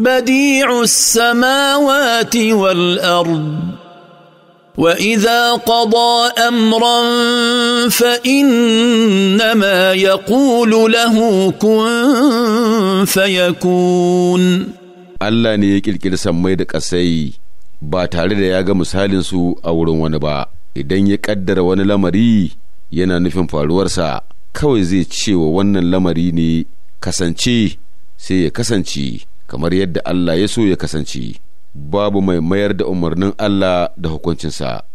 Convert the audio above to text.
بديع السماوات والارض واذا قضى امرا فانما يقول له كن فيكون Allah ne ya ƙirƙiri sammai da ƙasai ba tare da ya ga misalinsu a wurin wani ba, idan ya ƙaddara wani lamari yana nufin faruwarsa kawai zai ce wa wannan lamari ne kasance sai ya kasance. kamar yadda Allah ya so ya kasance babu mai mayar da umarnin Allah da hukuncinsa